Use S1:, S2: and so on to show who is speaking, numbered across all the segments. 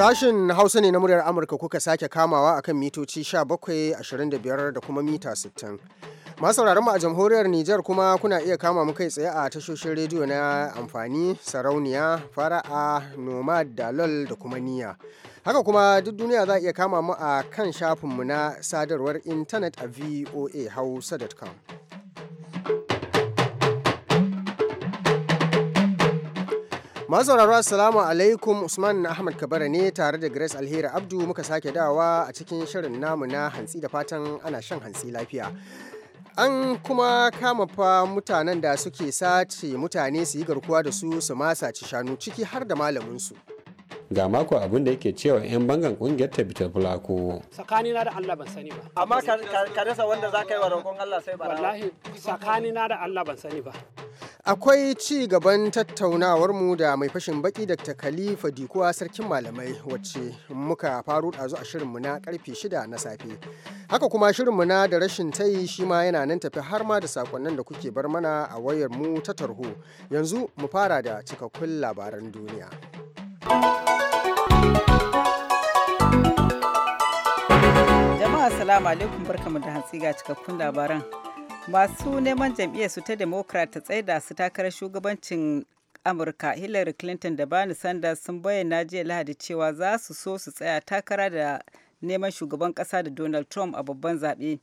S1: Sashen Hausa ne na muryar Amurka kuka sake kamawa akan mitoci 17, 25 da kuma mita 60. Masu mu a jamhuriyar Nijar kuma kuna iya kama mu kai tsaye a tashoshin rediyo na amfani sarauniya fara'a nomad dalol da kuma niya haka kuma duk duniya za a iya kama mu a kan shafinmu na sadarwar intanet a voa hausa.com masauraro assalamu alaikum usman ahmad kabara ne tare da grace alheri abdu muka sake dawa a cikin shirin namu na hantsi da fatan ana shan hantsi lafiya an kuma kama fa mutanen da suke sace mutane su yi garkuwa da su su ma sace shanu ciki har da malaminsu
S2: ga mako abin da yake cewa 'yan bangan kungiyar ta bitar fulako.
S3: Sakani na da Allah ban sani ba. Amma ka rasa wanda za ka yi wa roƙon Allah sai ba. Wallahi sakani na da Allah ban sani ba.
S1: Akwai ci gaban tattaunawar mu da mai fashin baki Dr. Khalifa Dikuwa Sarkin Malamai wacce muka faru ɗazu a shirinmu na karfe shida na safe. Haka kuma shirinmu na da rashin tayi shi ma yana nan tafi har ma da sakonnin da kuke bar mana a wayar mu ta tarho. Yanzu mu fara da cikakkun labaran duniya.
S4: Jama'a salamu alaikum barkamu da hantsi ga cikakkun labaran. masu neman su ta democrat ta tsaida su takarar shugabancin amurka hillary clinton da bernie sanders sun bayyana jiya lahadi cewa za su so su tsaya takara da neman shugaban kasa da donald trump a babban zaɓe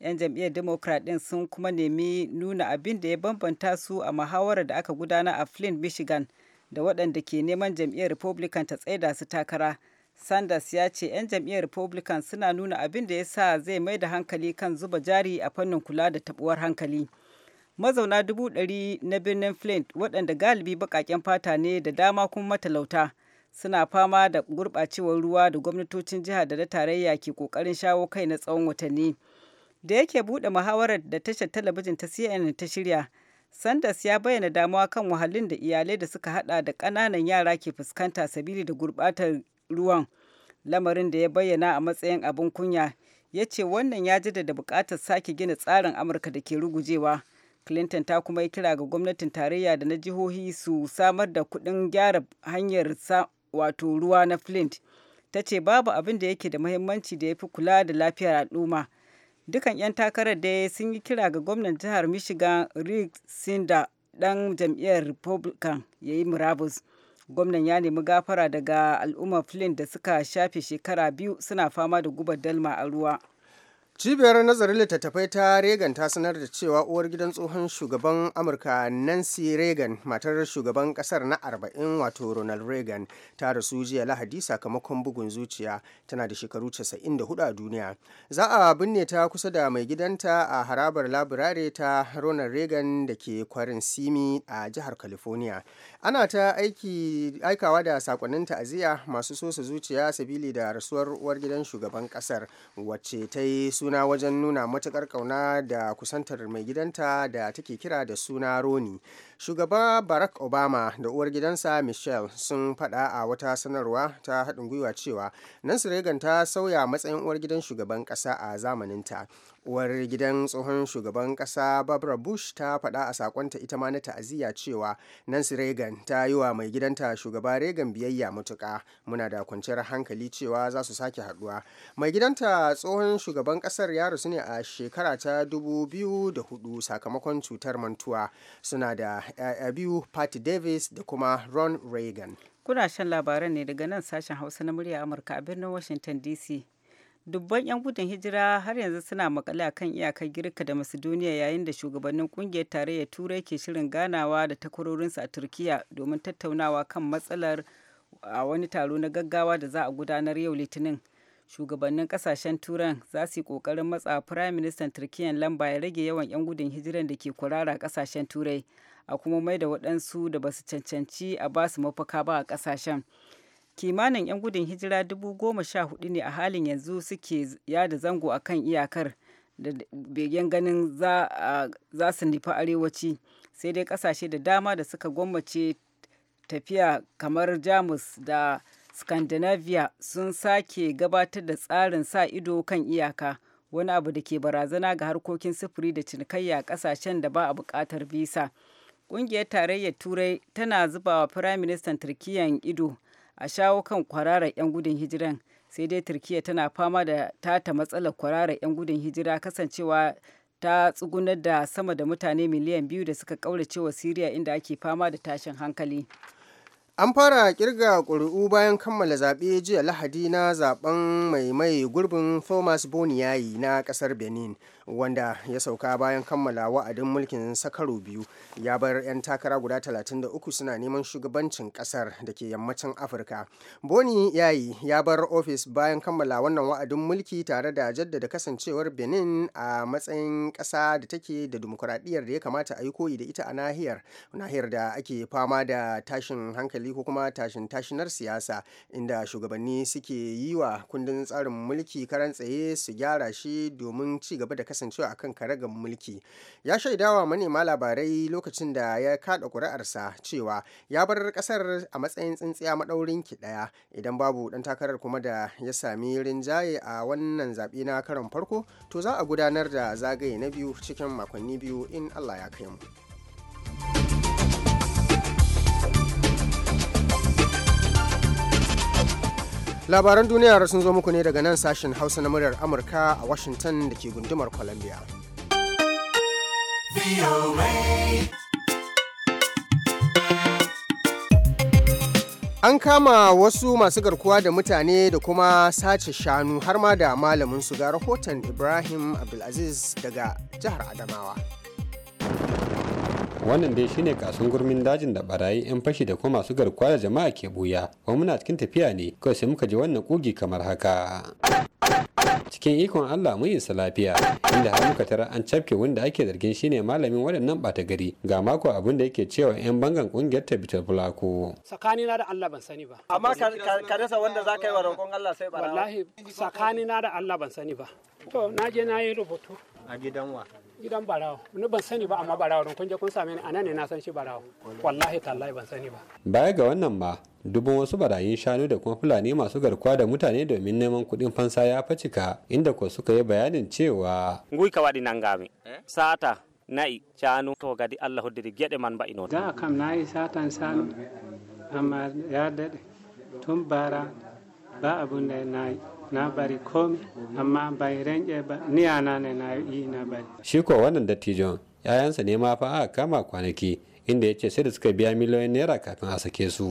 S4: 'yan jam'iyyar democrat ɗin sun kuma nemi nuna abin da ya bambanta su a muhawarar da aka gudana a flint michigan da waɗanda ke neman jam'iyyar republican ta tsaida su takara Sanders ya ce 'yan jam'iyyar Republican suna nuna abin da ya sa zai mai da hankali kan zuba jari a fannin kula da tabuwar hankali. Mazauna dubu ɗari na birnin Flint waɗanda galibi baƙaƙen fata ne da dama kuma matalauta suna fama da gurɓacewar ruwa da gwamnatocin jiha da na tarayya ke ƙoƙarin shawo kai na tsawon watanni. Da yake buɗe muhawarar da tashar talabijin ta CNN ta shirya, Sanders ya bayyana damuwa kan wahalin da iyalai da suka haɗa da ƙananan yara ke fuskanta sabili da gurɓatar ruwan lamarin da ya bayyana a matsayin abin kunya ya ce wannan ya jaddada bukatar sake gina tsarin amurka da ke rugujewa clinton ta kuma yi kira ga gwamnatin tarayya da na jihohi su samar da kuɗin gyara hanyar wato ruwa na flint ta ce babu abin da yake da mahimmanci da ya fi kula da lafiyar al'umma dukan 'yan takarar da sun yi kira ga gwamnan jihar michigan rick sinda dan jam'iyyar republican ya yi murabus gwamnan ya nemi gafara daga al'ummar flint da suka shafe shekara biyu suna fama da gubar dalma a ruwa Cibiyar nazarin littattafai ta Reagan ta sanar da cewa uwar gidan tsohon
S1: shugaban Amurka Nancy Reagan, matar shugaban kasar na 40 wato Ronald Reagan, ta rasu jiya Lahadi sakamakon bugun zuciya tana da shekaru 94 a duniya. Za a binne ta kusa da mai gidanta a harabar labirare ta Ronald Reagan da ke kwarin Simi a jihar California. Ana ta aiki aikawa da sakonnin ta'aziyya masu sosa zuciya sabili da rasuwar uwar gidan shugaban kasar wacce ta yi su suna wajen nuna matukar kauna da kusantar mai gidanta da take kira da suna roni shugaba barack obama da uwar gidansa michelle sun fada a wata sanarwa ta haɗin gwiwa cewa nancy reagan ta sauya matsayin uwar gidan shugaban ƙasa a zamaninta uwar gidan tsohon shugaban ƙasa barbara bush ta fada a sakonta ita ma na ta'aziyya cewa nancy reagan ta yi wa mai gidanta shugaba reagan biyayya matuƙa muna da kwanciyar hankali cewa za su sake haɗuwa mai gidanta tsohon shugaban ƙasar ya rusu ne a shekara ta hudu sakamakon cutar mantuwa suna da 'ya'ya biyu Patty Davis da kuma Ron Reagan.
S4: Kuna shan labaran ne daga nan sashen Hausa na murya Amurka a birnin Washington DC. Dubban 'yan gudun hijira har yanzu suna makale kan iyakar Girka da duniya yayin da shugabannin kungiyar tarayyar Turai ke shirin ganawa da takwarorinsu a Turkiya domin tattaunawa kan matsalar a wani taro na gaggawa da za a gudanar yau Litinin. shugabannin kasashen turan za su yi kokarin matsa firayim ministan turkiyya lamba ya rage yawan 'yan gudun hijiran da ke kurara kasashen turai a kuma mai da waɗansu da ba su cancanci a ba su mafaka ba a kasashen kimanin 'yan gudun hijira dubu goma sha hudu ne a halin yanzu suke yada zango a kan iyakar da begen ganin za su nufi arewaci sai dai kasashe da dama da suka gwammace tafiya kamar jamus da Scandinavia sun sake gabatar da tsarin sa ido kan iyaka, wani abu da ke barazana ga harkokin sufuri da cinikayya kasashen da ba a bukatar visa. Ƙungiyar Tarayyar Turai tana zuba wa Firayim Ministan Turkiyyar ido a shawo kan kwararar 'yan gudun hijiran. Sai dai Turkiyya tana fama da tata matsalar kwararar 'yan gudun hijira kasancewa ta tsugunar da sama da mutane miliyan biyu da suka kaurace wa Siriya inda ake fama da tashin hankali. An fara
S1: kirga ƙuri'u bayan kammala zaɓe
S4: jiya Lahadi na zaɓen mai mai gurbin
S1: Thomas Boniyayi na ƙasar Benin. wanda ya sauka bayan kammala wa'adin mulkin sakaro biyu ya bar 'yan takara guda 33 suna neman shugabancin kasar da ke yammacin afirka boni yayi ya bar ofis bayan kammala wannan wa'adin mulki tare da jaddada kasancewar benin a matsayin kasa da take da dimokuraɗiyyar da ya kamata a yi koyi da ita a nahiyar nahiyar da ake fama da tashin hankali ko kuma tashin tashinar siyasa inda shugabanni suke yi wa kundin tsarin mulki karan tsaye su gyara shi domin ci gaba da kasancewa akan karagar mulki ya shaidawa manema labarai lokacin da ya kada kuri'arsa cewa ya bar kasar a matsayin tsintsiya maɗaurin ki daya idan babu ɗan takarar kuma da ya sami rinjaye a wannan zaɓe na karon farko to za a gudanar da zagaye na biyu cikin makonni biyu in Allah ya kai mu. labaran duniya sun zo muku ne daga nan sashen hausa na muryar amurka a washington da ke gundumar columbia An kama wasu masu garkuwa da mutane da kuma sace shanu har ma da malamin su ga rahoton Ibrahim Abdulaziz daga jihar Adamawa.
S2: wannan dai shine kasan gurmin dajin da barayi yan fashi da kuma masu garkuwa da jama'a ke buya kuma muna cikin tafiya ne kawai sai muka ji wannan kugi kamar haka cikin ikon Allah mu isa lafiya inda har muka tara an cafke wanda ake zargin shine malamin waɗannan ɓata gari ga mako abin da yake cewa yan bangan kungiyar bulako Fulako
S3: tsakanina da Allah ban sani ba amma ka rasa wanda za ka yi wa roƙon Allah sai ba. wallahi tsakanina da Allah ban sani ba to na je na yi rubutu a gidan wa gidan barawo ni ban sani ba amma barawa don kun je kun same ni anan ne na san shi barawa wallahi tallahi ban sani ba
S2: baya ga wannan ma dubban wasu barayin shanu da kuma fulani masu garkuwa da mutane domin neman kuɗin fansa ya facika inda ko suka yi bayanin cewa
S3: ngui nan game eh? sata na'i shanu to gadi Allah huddiri gede man ba ino da kam na'i satan shanu amma ya dade tun bara ba abun da na'i na bari komi amma bai ranje ba ni ana ne na yi na bari
S2: shi ko wannan dattijon yayansa ne ma fa aka kama kwanaki inda yace sai da suka biya miliyoyin naira kafin a sake su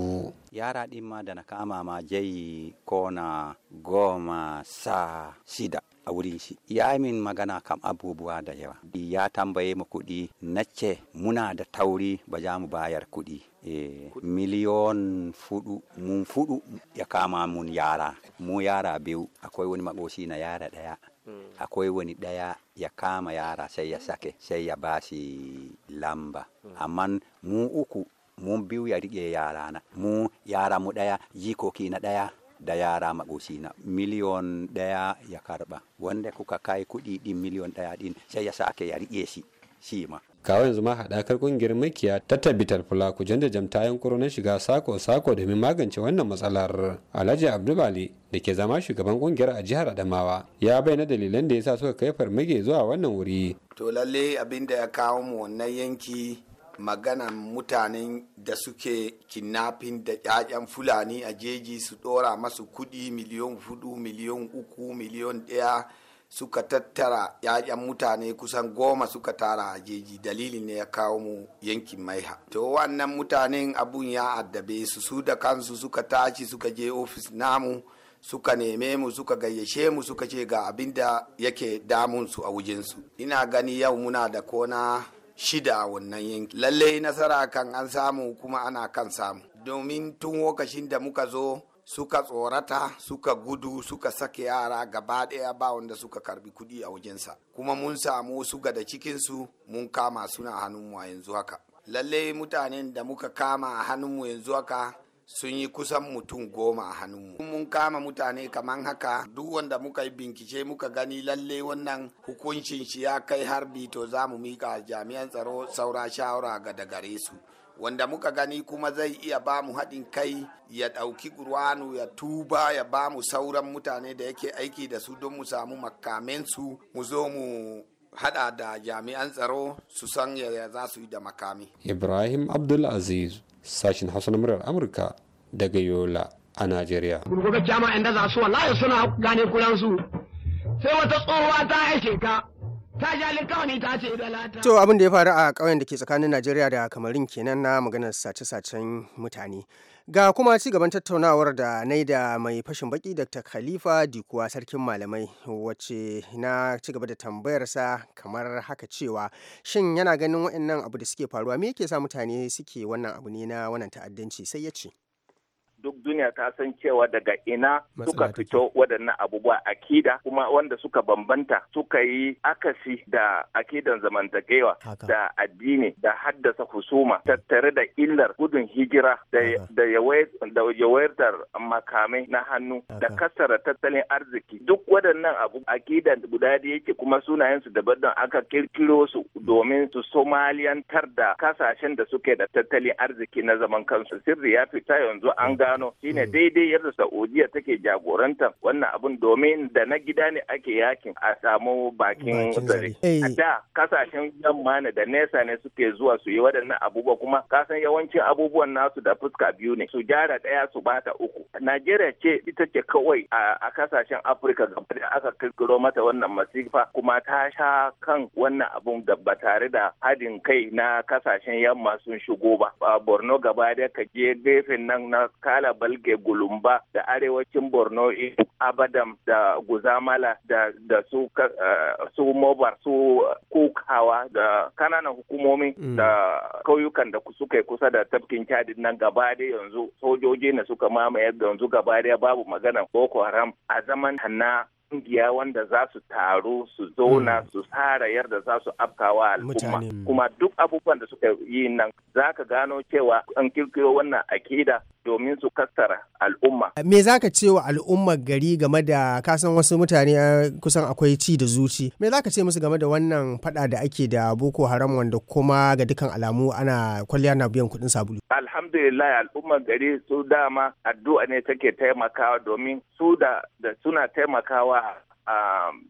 S3: yara din ma da na kama ma jai kona goma sa shida a wurinci yamin magana kam abubuwa da yawa ya tambaye mu kuɗi nace muna da tauri ba za mu bayar kuɗi eh, miliyon fudu mun fudu ya kama mun yara mu yara biyu akwai wani makoshi na yara daya mm. akwai wani daya ya kama yara sai ya sake sai ya bashi lamba mm. amma mu uku mun biyu ya rike yara na mu yara mu daya jikoki na daya da yara makosina miliyon ɗaya ya karɓa wanda kuka kai kuɗi ɗin miliyon ɗaya ɗin sai ya sake ya riƙe shi shi ma kawo yanzu
S2: ma haɗakar ƙungiyar makiya ta tabbitar ku da jamta yankuro na shiga sako-sako domin magance wannan matsalar alhaji Abdulbali, da ke zama shugaban ƙungiyar a jihar adamawa ya bayyana dalilan da ya sa suka kai farmaki zuwa wannan wuri
S5: to lalle abin da ya kawo mu wannan yanki maganan mutanen da suke kidnapping da ƴaƴan fulani a jeji su ɗora masu kuɗi miliyon hudu miliyon uku miliyon ɗaya suka tattara ƴaƴan mutane kusan goma suka tara a jeji dalilin ne ya kawo mu yankin maiha to wannan mutanen abun ya addabe su su da kansu suka tashi suka je ofis namu suka neme mu suka gayyace mu suka ce ga abin da yake damunsu a wujensu. ina gani yau muna da kona shida a wannan yanki lalle nasara kan an samu kuma ana kan samu domin tun lokacin da muka zo suka tsorata suka gudu suka sake yara gaba ɗaya ba wanda suka karbi kuɗi a wajensa kuma mun samu su da cikinsu mun kama suna hannunmu a yanzu haka lalle mutanen da muka kama a hannunmu yanzu haka sun yi kusan mutum goma a hannunmu. Mun kama mutane kamar haka duk wanda muka yi bincike muka gani lalle wannan hukuncin shi ya kai harbi to za mu mika jami'an tsaro saura shawara ga da gare su. Wanda muka gani kuma zai iya ba mu haɗin kai ya ɗauki ƙur'anu ya tuba ya ba mu sauran mutane da yake aiki da su don mu samu makamensu mu zo mu haɗa da jami'an tsaro su san yaya za su yi da makami.
S2: Ibrahim Abdulaziz sashin hausa Muryar amurka daga
S1: yola a najeriya
S3: gurgurga kyama inda za su wallahi suna gane kuransu
S5: sai wata tsohuwa ta aike ka ta ja likawani ta ce
S1: To abin da ya faru a ƙauyen da ke tsakanin Najeriya da Kamarin kenan na maganar sace-sacen mutane. Ga kuma ci gaban tattaunawar da na da mai fashin baki Dr. Khalifa Dikuwa sarkin malamai wacce na ci gaba da tambayarsa kamar haka cewa shin yana ganin waɗannan abu da suke faruwa me yake sa mutane suke wannan abu ne na wannan ta'addanci sai ya ce.
S6: duk duniya ta san cewa daga ina suka fito waɗannan abubuwa akida kuma wanda suka bambanta suka yi akasi da akidan zamantakewa da addini da haddasa husuma tattare da illar gudun hijira da yawaitar makamai na hannu da kasara tattalin arziki duk waɗannan abu akidan guda da yake kuma sunayensu daban don aka kirkiro su domin su somaliyantar da kasashen da suke da tattalin arziki na zaman kansu sirri ya fita yanzu an ga Milano shine hmm. daidai yadda Saudiya take jagorantar wannan abun domin da na gida ne ake yakin a samu bakin zare. A eh. da kasashen yamma ne da nesa ne suke zuwa su yi waɗannan abubuwa kuma kasan yawancin abubuwan nasu da fuska biyu ne su gyara ɗaya su bata uku. Najeriya ce ita ce kawai a kasashen Afirka gaba da aka kirkiro mata wannan masifa kuma ta sha kan wannan abun da ba tare da hadin kai na kasashen yamma sun shigo ba. Borno gaba da ka je gefen nan na kala kala Balge Gulumba da arewacin Borno eh, Abadam da Guzamala da, da su, uh, su Mobar su eh, Kukawa da kananan hukumomi mm. da kauyukan da suka kusa da tafkin Chadin nan gaba da yanzu sojoji na suka mamaye yanzu gaba babu magana Boko Haram a zaman hanna kungiya wanda za su taru su zauna mm. su tsara yadda za su afkawa al'umma mm. kuma duk abubuwan da suka yi nan za ka gano cewa an kirkiro wannan akida domin su kassara
S1: al'umma. Me za ka ce wa al'ummar gari game da kasan wasu mutane eh, kusan akwai ci da zuci? Me za ka ce musu game da wannan fada da ake da Boko Haram wanda kuma ga dukkan alamu ana kwalliya na biyan kuɗin sabulu?
S6: alhamdulillah al'ummar gari su dama addu'a ne take taimakawa domin su da suna taimakawa a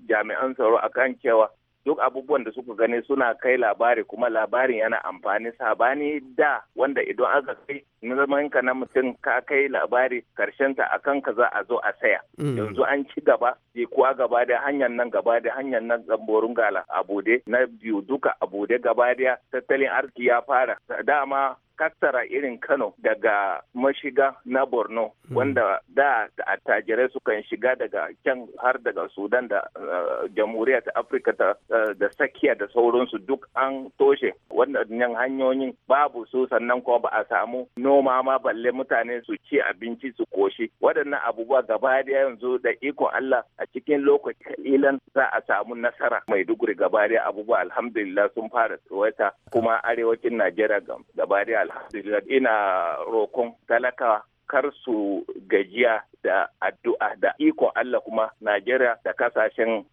S6: jami'an tsaro akan cewa duk abubuwan da suka gani suna kai labari kuma labarin yana amfani sabani da wanda idan aka kai na zaman ka na mutum ka kai labari karshen ta akan ka za a zo a saya
S7: mm. yanzu an
S6: ci gaba je kuwa gaba da hanyar nan gaba da hanyar nan zamborin gala abude na biyu duka abude gaba da tattalin arziki ya fara dama tattara irin Kano daga mashiga na Borno hmm. wanda da attajirai sukan shiga daga can har daga Sudan da eh, jamhuriya ta Afirka eh, da sakiya da sauransu duk an toshe wannan hanyoyin babu su sannan kuma ba a samu noma ma balle mutane su ci abinci su koshi waɗannan abubuwa gaba da yanzu da ikon Allah a cikin lokaci kalilan za a samu nasara maiduguri gaba da abubuwa alhamdulillah sun fara tsawaita kuma arewacin Najeriya gaba da alhamdulillah ina rokon talaka kar su gajiya da addu'a da iko Allah kuma Najeriya da kasashen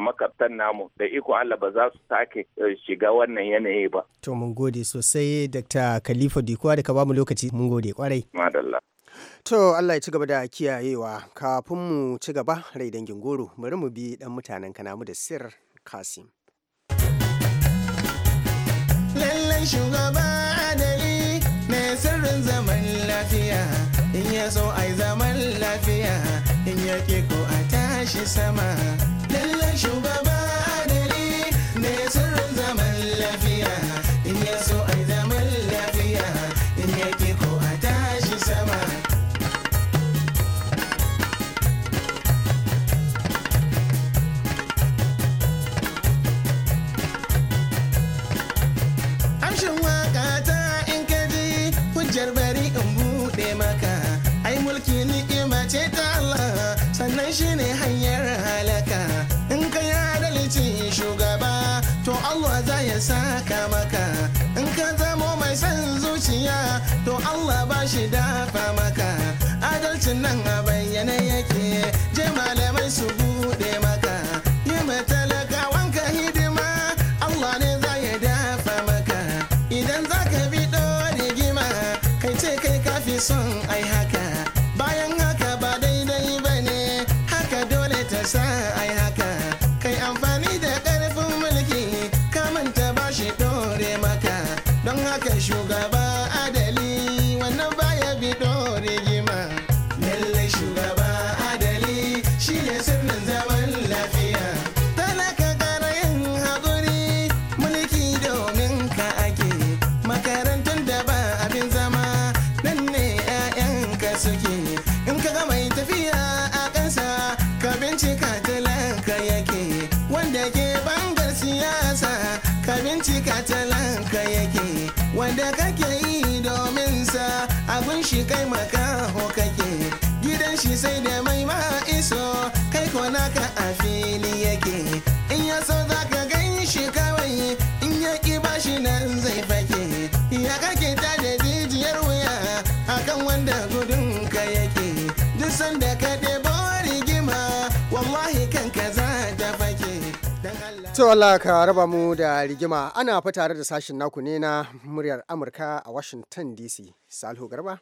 S6: makabtan namu da iko Allah ba za su sake eh, shiga wannan yanayi ba.
S1: To mun gode sosai Dr. Khalifa Dikuwa da ka bamu lokaci mun gode kwarai. Madalla. To Allah ya ci gaba da kiyayewa kafin mu ci gaba rai dangin goro bari mu bi dan mutanen kanamu da sir Kasim.
S8: Lallen shugaba zaman lafiya in ya so ai zaman lafiya in ya ke ko a tashi sama lallan shugaba karatun nan a bayyana yake je malamai su bude maka yi matalakawan ka hidima Allah ne za ya dafa maka idan za ka bi gima kai ce kai kafi son ai haka bayan haka ba daidai ba ne haka dole ta sa ai haka kai amfani da karfin mulki ka manta ba shi maka don haka shugaba kai makaho kake gidan shi sai da mai ma iso kai ko naka a fili yake in ya so za ka gan shi kawai in ya ki ba shi nan zai fake ya kake ta da jijiyar wuya a kan wanda gudun ka yake duk sanda ka debo rigima wallahi kanka za ta fake
S1: To Allah ka raba mu da rigima ana fa tare da sashin naku ne na muryar Amurka a Washington DC. salihu Garba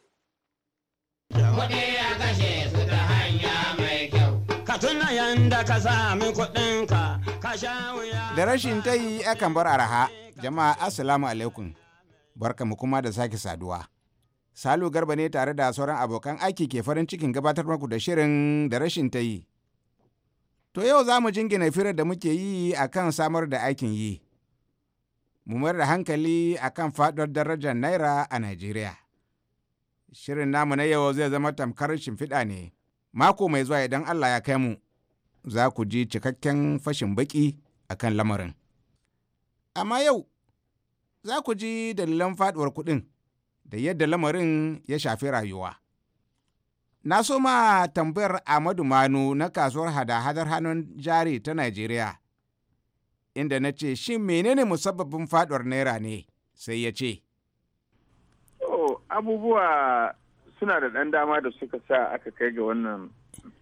S8: Kuɗi kashe su hanya mai kyau.
S1: Ka tuna yanda ka sami
S3: kuɗinka,
S9: Da rashin ta yi akan bar araha, jama'a assalamu alaikum. mu kuma da sake saduwa. Salu Garba ne tare da sauran abokan aiki ke farin cikin gabatar muku da shirin da rashin ta yi. To yau za mu jingina firar da muke yi a kan samar da aikin yi. Mu mayar da hankali a kan faɗar darajar Naira a Najeriya. Shirin namu na yau zai zama tamkar shimfiɗa ne. Mako mai zuwa idan Allah ya kai mu, za ku ji cikakken fashin baƙi a kan lamarin. Amma yau, za ku ji dalilan faɗuwar kuɗin da yadda lamarin ya shafi rayuwa. Na so ma tambayar Ahmadu Manu na kasuwar hada-hadar hannun jari ta Najeriya, inda na ce, Shin menene musabbabin faɗuwar Naira ne? Sai ya ce,
S10: abubuwa suna da ɗan dama da suka sa aka kai ga wannan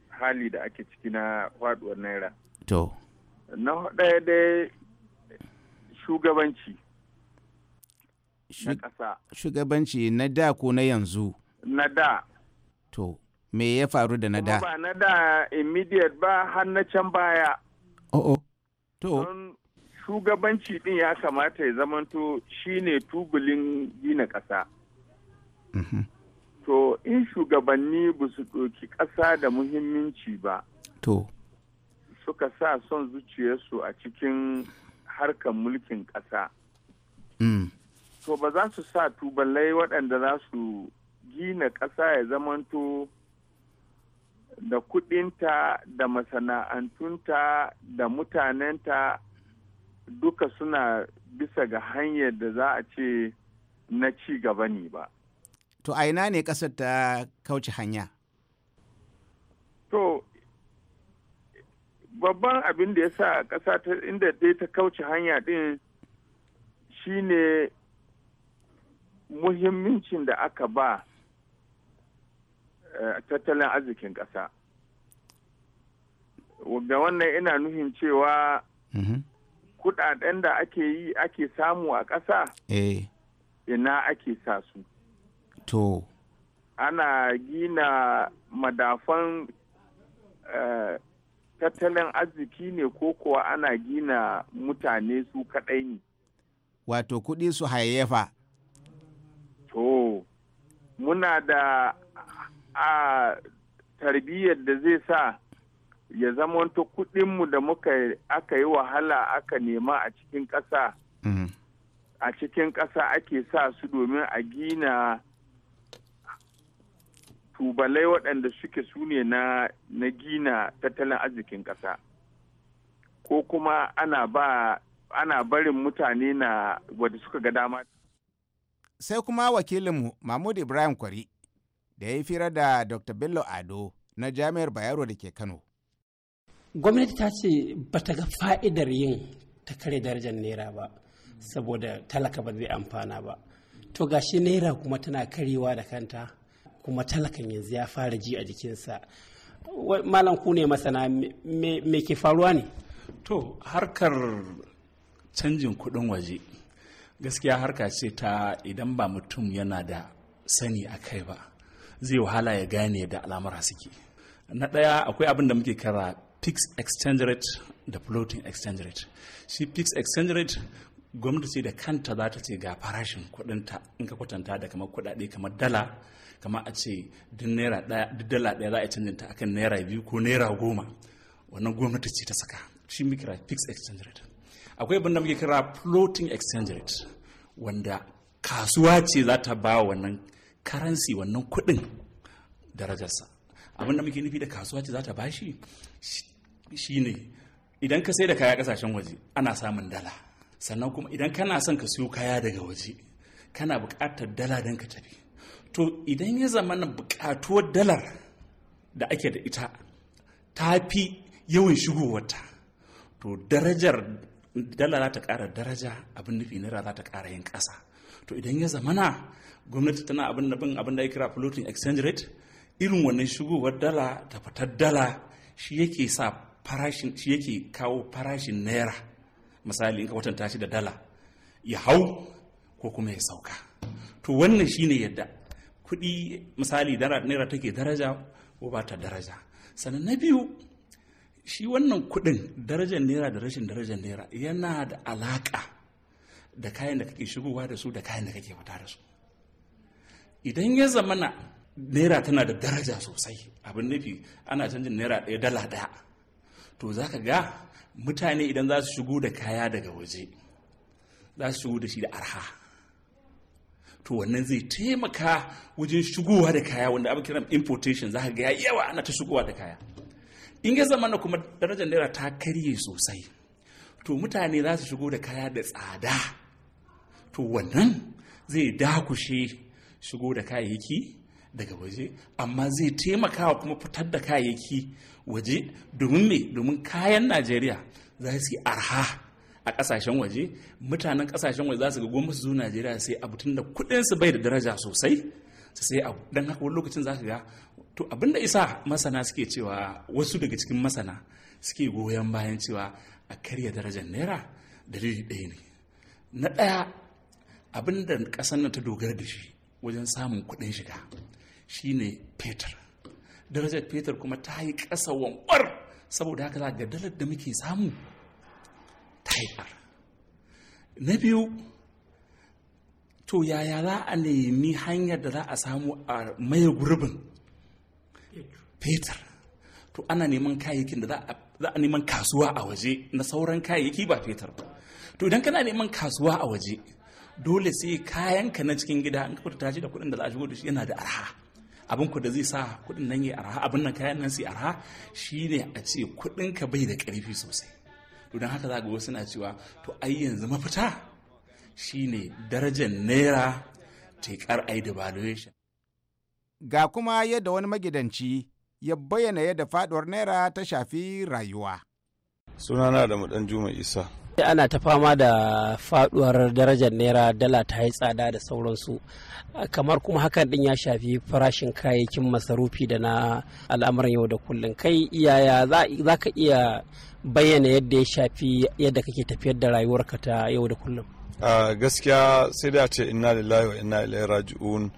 S10: hali da ake ciki na faɗuwar naira. To. Na ɗaya dai shugabanci na ƙasa.
S9: Shugabanci na da ko na yanzu? Na da. To, me ya faru da na da? Ba
S10: na da immediate ba har na can baya.
S8: Oh, oh. To.
S10: Shugabanci ɗin ya kamata ya zamanto shine tubulin gina ƙasa. to in shugabanni ba su ɗoki ƙasa da muhimmanci ba suka sa son zuciyarsu a cikin harkar mulkin ƙasa mm. to ba za su sa tubalai waɗanda za su gina ƙasa ya zamanto da kuɗinta da masana'antunta da mutanenta duka suna bisa ga hanyar da za a ce na ci gaba ne ba.
S9: to a ina ne kasar ta kauce hanya
S10: to babban abin da ya sa ƙasa ta inda dai ta kauce hanya din shine muhimmincin da aka ba eh, tattalin arzikin ƙasa ga wannan ina nuhin cewa mm-hmm. kudaden da ake yi ake samu a ƙasa eh. ina ake sa su to ana gina madafan eh, tattalin arziki ne ko kuwa ana gina mutane su kaɗai ne
S9: wato kuɗi su hayayyafa
S10: to muna da a tarbiyyar da zai sa ya zamanto kuɗinmu da muka aka yi wahala aka nema a cikin ƙasa mm-hmm. a cikin ƙasa ake sa su domin a gina tubalai waɗanda suke sune na, na gina tattalin arzikin ƙasa ko kuma ana ba ana barin mutane na wadda suka ga dama.
S9: Sai kuma wakilinmu Mahmud Ibrahim Kwari da ya yi fira da Dr. Bello Ado na Jami'ar Bayero da ke Kano.
S3: Gwamnati ta ce ba ta ga fa'idar yin ta kare darajar Naira ba, saboda talaka ba zai amfana ba. To gashi Naira kuma tana karewa da kanta kuma talakan yanzu ya fara ji a jikinsa malam ku ne masana me ke faruwa ne
S11: to harkar canjin kuɗin waje gaskiya harka ce ta idan ba mutum yana da sani a kai ba zai wahala ya gane da alamar suke na ɗaya akwai abin da muke kara fixed exchange rate da floating exchange rate shi fixed exchange rate gwamnati da kanta za ta ce ga farashin kudinta in ka kwatanta da kamar kudade kamar dala kama a ce duk naira ɗaya dala ɗaya za a canjin ta akan naira biyu ko naira goma wannan gwamnati ce ta saka shi muke kira fixed exchange rate akwai abin da muke kira floating exchange rate wanda kasuwa ce za ta ba wannan karansi wannan kuɗin darajarsa abin da muke nufi da kasuwa ce za ta bashi shi ne idan ka sai da kaya kasashen waje ana samun dala sannan kuma idan kana son ka siyo kaya daga waje kana buƙatar dala don ka tafi to idan ya zama na bukatuwar dalar da ake da ita ta fi yawan shigowarta to darajar dala za ta ƙara daraja abin nufi naira za ta ƙara yin ƙasa to idan ya zamana gwamnati tana abin da abin da ya kira floating exchange rate irin wannan shigowar dala ta fitar dala shi yake sa farashin shi yake kawo farashin naira misali in ka kwatanta shi da dala ya hau ko kuma ya sauka to wannan shine yadda kuɗi misali naira take daraja ko ba ta daraja sannan na biyu shi wannan kuɗin darajar naira da rashin darajar naira yana da alaƙa da kayan da kake shigowa da su da kayan da kake fita da su idan ya zama naira tana da daraja sosai abin nufi ana canjin naira ɗaya dala ɗaya to za ka ga mutane idan za su shigo da kaya daga waje za su shigo da shi da arha to wannan zai taimaka wajen shigowa da kaya wanda abin kiran importation za ka ga yawa ana ta shigowa da kaya in ya zama na kuma darajar naira ta karye sosai to mutane za su shigo da kaya da tsada to wannan zai dakushe shigo da kayayyaki daga waje amma zai taimakawa kuma fitar da kayayyaki waje domin me domin kayan najeriya za su yi arha a kasashen waje mutanen kasashen waje za su ga gwamnati su najeriya sai abu tun da kuɗin su bai da daraja sosai su sai abu don haka wani lokacin za ka ga to abinda isa masana suke cewa wasu daga cikin masana suke goyon bayan cewa a karya darajar naira dalili ɗaya ne na ɗaya abin da ƙasar nan ta dogara da shi wajen samun kuɗin shiga shine fetur darajar fetur kuma ta yi ƙasa wankwar saboda haka za ga dalar da muke samu tayar na biyu to yaya za a nemi hanyar da za a samu a maye gurbin fetur to ana neman kayayyakin da za a neman kasuwa a waje na sauran kayayyaki ba fetur ba to idan kana neman kasuwa a waje dole sai kayanka na cikin gida an kafa tashi da kuɗin da za a shigo da shi yana da arha abin ku da zai sa kuɗin nan yi arha abin nan kayan nan sai arha shine a ce ka bai da ƙarfi sosai to don haka za ga wasu na cewa to ai yanzu mafita shine darajar naira tekar ai devaluation ga kuma yadda wani
S9: magidanci ya bayyana yadda faduwar naira ta shafi rayuwa
S3: sunana da dan juma isa ana ta fama da faduwar darajar naira dala ta yi tsada da sauransu kamar kuma hakan din ya shafi farashin kayayyakin masarufi da na al'amuran yau da kullum kai iyaya za ka iya bayyana yadda ya shafi yadda kake tafiyar da rayuwarka ta yau da kullum
S12: gaskiya sai da ce inna lillahi wa inna ilaihi raji'un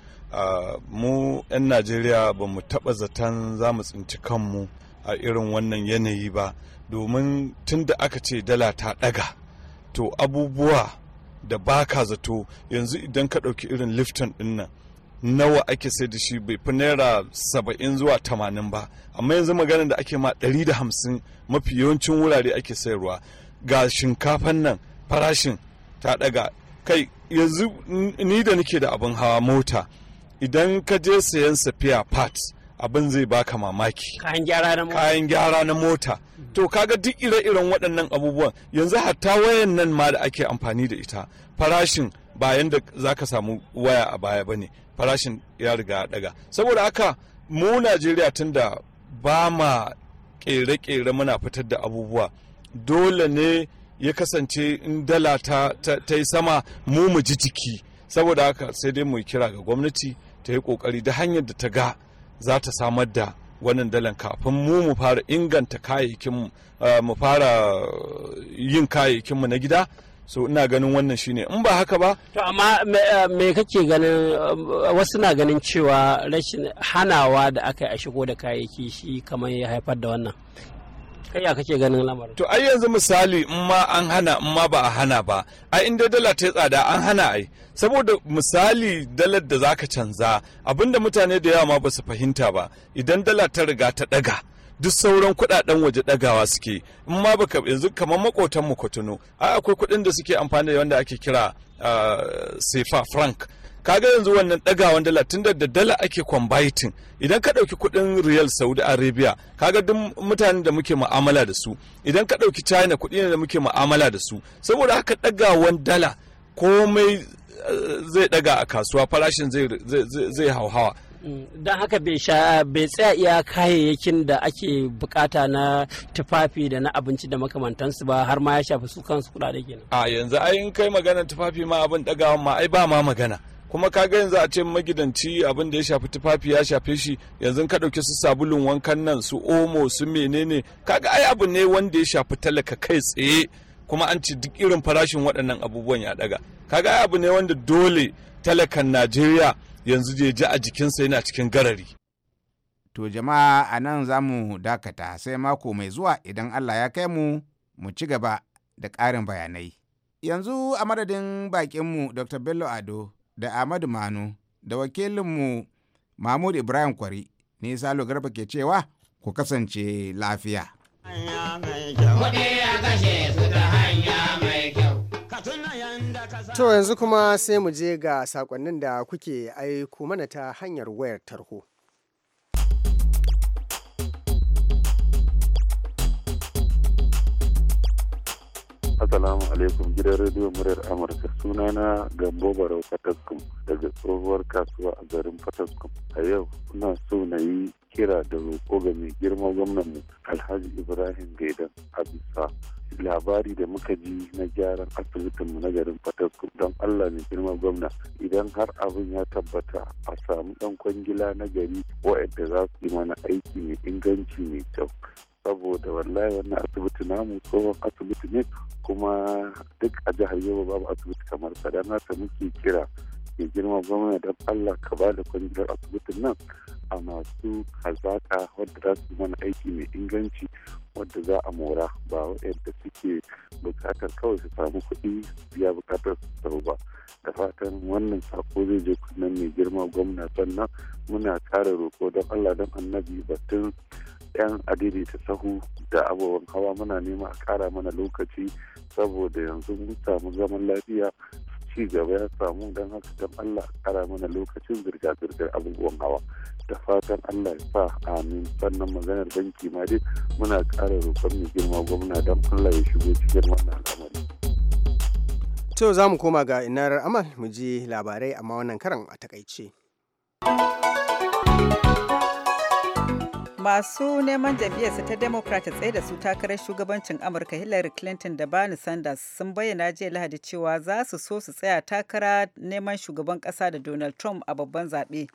S12: mu 'yan najeriya ba mu taɓa zaton za mu tsinci kanmu a irin wannan yanayi ba domin tun da aka ce dala ta ɗaga to abubuwa da baka zato yanzu idan ka ɗauki irin lifton ɗin nan nawa ake sai da shi bai fi naira saba'in zuwa tamanin ba amma yanzu maganar da ake ma ɗari da hamsin mafi yawancin wurare ake sayarwa ga shinkafan nan farashin ta ɗaga kai yanzu ni da nake da abin hawa mota idan ka je sayan safiya parts abin zai baka mamaki kayan gyara na mota kayan gyara na mota to kaga duk ire-iren waɗannan abubuwan yanzu hatta wayan nan ma da ake amfani da ita farashin bayan da zaka samu waya a baya bane farashin ya riga daga saboda haka mu Najeriya tunda ba ma ƙere-ƙere muna fitar da abubuwa dole ne ya kasance in dala ta, yi sama mu mu ji jiki saboda haka sai dai mu kira ga gwamnati ta yi kokari da hanyar da ta ga za ta samar da wannan dalan kafin mu mu fara inganta kayayyakin eh, mu fara yin kayayyakin mu na gida so ina ganin wannan shine in ba haka ba
S3: to amma me eh, kake ganin eh, wasu na ganin cewa rashin hanawa da aka yi a shigo da kayayyaki shi kamar ya haifar da wannan kai kake ganin lamarin to ai
S12: yanzu misali in ma an hana in ma ba a hana ba ai inda dala ta tsada an hana ai saboda misali dalar da zaka canza abinda mutane da yawa ma ba su fahimta ba idan dala ta riga ta daga duk sauran kudaden waje dagawa suke in ma baka yanzu kamar makotan mu kotunu ai akwai kuɗin da suke amfani da wanda ake kira ah, sefa frank kaga yanzu wannan ɗagawan dala tun da dala ake kwambaitin idan ka ɗauki kuɗin riyal saudi arabia kaga duk mutanen da muke mu'amala da su idan ka ɗauki china kudi ne da muke mu'amala da su saboda haka ɗagawan dala komai eh, zai ɗaga a kasuwa farashin zai hauhawa
S3: mm, don haka bai tsaya iya kayayyakin da ake bukata na tufafi da na abinci da makamantansu ba har ma ya shafi su kansu kudade kenan
S12: a yanzu ai in kai maganar tufafi ma abin dagawan ma ai ba ma magana kuma ka ga yanzu a ce magidanci abin da ya shafi tufafi ya shafe shi yanzu ka ɗauki su sabulun wankan nan su omo su menene kaga ai abu ne wanda ya shafi talaka kai tsaye kuma an ci duk irin farashin waɗannan abubuwan ya ɗaga kaga ai abu ne wanda dole talakan najeriya yanzu je ji a jikinsa yana cikin garari
S9: to jama'a a nan za mu dakata sai mako mai zuwa idan allah ya kai mu mu ci gaba da ƙarin bayanai yanzu a madadin bakinmu dr bello ado da Ahmadu Manu da wakilinmu Mahmud Ibrahim Kwari ni Salo Garba ke cewa ku kasance lafiya.
S1: To yanzu kuma sai mu je ga sakonnin da kuke aiko mana ta hanyar wayar tarho.
S7: Assalamu alaikum gidan Radio muryar Amurka sunana Gambo Barau Fataskum daga tsohuwar kasuwa a garin Fataskum. A yau kuna so na yi kira da roƙo ga mai girma gwamnanmu Alhaji Ibrahim Gaidan a bisa labari da muka ji na gyaran asibitinmu na garin Fataskum don Allah mai girma gwamna idan har abin ya tabbata a samu ɗan kwangila na gari wayanda za su yi mana aiki mai inganci mai kyau saboda wallahi wannan asibiti namu tsohon asibiti ne kuma duk a jihar yau babu asibiti kamar sa dan haka muke kira ke girma gwamna don allah ka ba da kwangilar asibitin nan a masu hazaka wadda za su mana aiki mai inganci wadda za a mora ba waɗanda suke bukatar kawai su samu kuɗi biya bukatar su ba da fatan wannan sako zai je kunan mai girma gwamna sannan muna kara roƙo don allah don annabi batun 'yan ta sahu da abubuwan hawa muna nema a kara mana lokaci saboda yanzu mun samu zaman lafiya ci gaba ya samu don haka don Allah kara mana lokacin zirga-zirgar abubuwan hawa da fatan Allah ya sa amin sannan maganar banki ma dai muna kara roƙon mai girma gwamna don Allah ya shigo cikin wannan al'amari. To za mu koma ga inar amal mu je
S1: labarai amma wannan karan a takaice.
S4: masu neman jam'iyyarsa ta democrat tsaye da su takarar shugabancin amurka hillary clinton da bernie sanders sun bayyana jiya lahadi cewa za su so su tsaya takara neman shugaban kasa da donald trump a babban zaɓe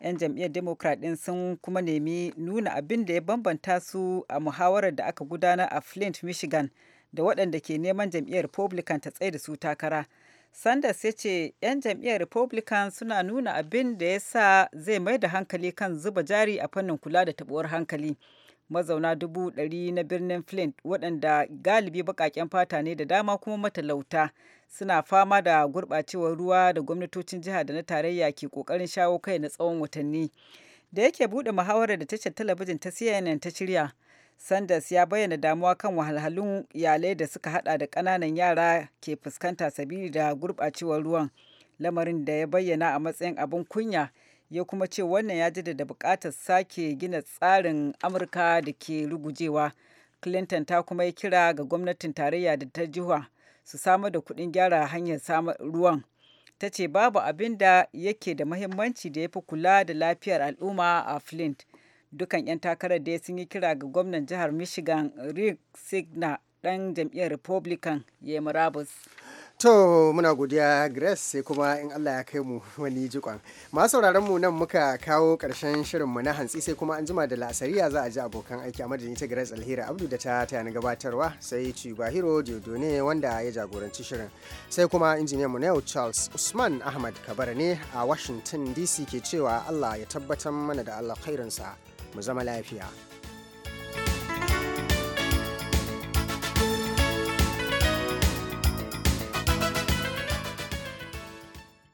S4: 'yan jam'iyyar democrat ɗin sun kuma nemi nuna abin da ya bambanta su a muhawarar da aka gudanar a flint michigan da waɗanda ke neman jam'iyyar republican ta tsaye da su takara Sanders ya ce 'yan jam'iyyar Republican suna nuna abin da ya sa zai mai da hankali kan zuba jari a fannin kula da tabuwar hankali. Mazauna dubu ɗari na birnin Flint waɗanda galibi baƙaƙen fata ne da dama kuma matalauta suna fama da gurɓacewar ruwa da gwamnatocin jiha da na tarayya ke ƙoƙarin shawo kai na tsawon watanni. Da yake buɗe muhawarar da tashar talabijin ta CNN ta shirya, Sanders ya bayyana damuwa kan wahalhalun iyalai da suka hada da ƙananan yara ke fuskanta sabili da gurɓacewar ruwan, lamarin da ya bayyana a matsayin abin kunya ya kuma ce wannan ya jaddada buƙatar sake gina tsarin Amurka da ke rugujewa. Clinton ta kuma yi kira ga gwamnatin tarayya da ta jiha su samar da kuɗin gyara hanyar ruwan. Ta ce babu abin da yake da muhimmanci da ya fi kula da lafiyar al'umma a Flint. dukan 'yan takarar da sun yi kira ga gwamnan jihar michigan rick signa dan jam'iyyar republican ya murabus
S1: To muna godiya Grace sai kuma in Allah ya kai mu wani jikon. Masu sauraron mu nan muka kawo karshen shirin mu na hantsi sai kuma an jima da lasariya za a ji abokan aiki a madadin ta Grace Alhira Abdu da ta taya na gabatarwa sai ci Cibahiro ne wanda ya jagoranci shirin. Sai kuma injiniyan mu na Charles Usman Ahmad kabar ne a Washington DC ke cewa Allah ya tabbatar mana da Allah kairinsa. mu zama lafiya